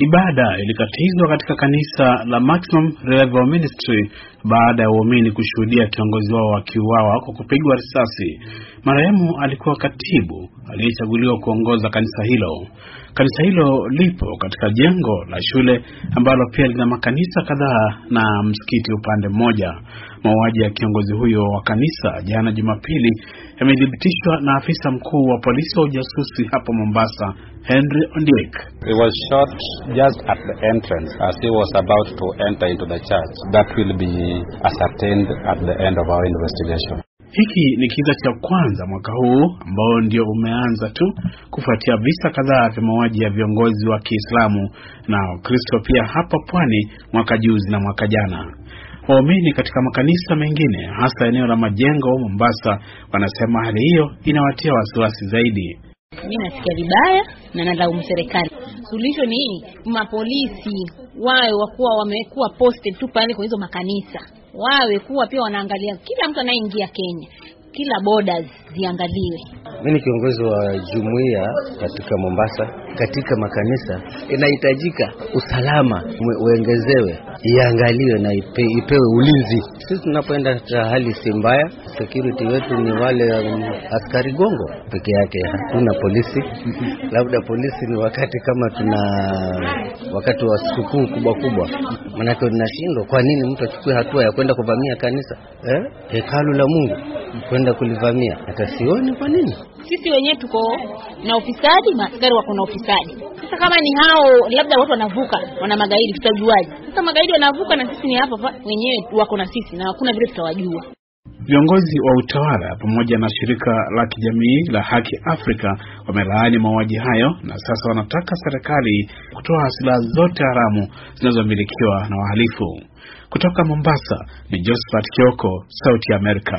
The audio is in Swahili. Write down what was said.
Ibada ilikatizwa katika kanisa la Maximum Revival Ministry baada ya waumini kushuhudia kiongozi wao wakiuawa kwa kupigwa risasi. Marehemu alikuwa katibu aliyechaguliwa kuongoza kanisa hilo. Kanisa hilo lipo katika jengo la shule ambalo pia lina makanisa kadhaa na msikiti upande mmoja. Mauaji ya kiongozi huyo wa kanisa jana Jumapili yamethibitishwa na afisa mkuu wa polisi wa ujasusi hapo Mombasa, Henry Ondiek. He was shot just at the entrance as he was about to enter into the church. That will be ascertained at the end of our investigation. Hiki ni kiza cha kwanza mwaka huu ambao ndio umeanza tu kufuatia visa kadhaa vya mauaji ya viongozi wa Kiislamu na Wakristo pia hapa pwani mwaka juzi na mwaka jana. Waumini katika makanisa mengine hasa eneo la Majengo, Mombasa, wanasema hali hiyo inawatia wasiwasi zaidi. Mimi nasikia vibaya na nalaumu serikali. Suluhisho ni hii, Mapolisi wawe wakuwa wamekuwa posted tu pale kwa hizo makanisa, wawe kuwa pia wanaangalia kila mtu anayeingia Kenya, kila borders ziangaliwe. Mimi ni kiongozi wa jumuiya katika Mombasa, katika makanisa inahitajika usalama uongezewe iangaliwe na ipe, ipewe ulinzi. Sisi tunapoenda hali si mbaya, security wetu ni wale um, askari gongo peke yake, hakuna polisi labda polisi ni wakati kama tuna wakati wa sikukuu kubwa kubwa, manake unashindwa kwa nini mtu achukue hatua ya kwenda kuvamia kanisa eh, hekalu la Mungu kwenda kulivamia, hata sioni kwa nini. Sisi wenyewe tuko na ufisadi, maaskari wako na ufisadi sasa kama ni hao labda watu wanavuka, wana magaidi, tutajuaje? Sasa magaidi wanavuka na sisi ni hapa wenyewe, wako na sisi na hakuna vile tutawajua. Viongozi wa utawala pamoja na shirika la kijamii la Haki Afrika wamelaani mauaji hayo na sasa wanataka serikali kutoa silaha zote haramu zinazomilikiwa na wahalifu. Kutoka Mombasa ni Josephat Kioko, Sauti ya Amerika.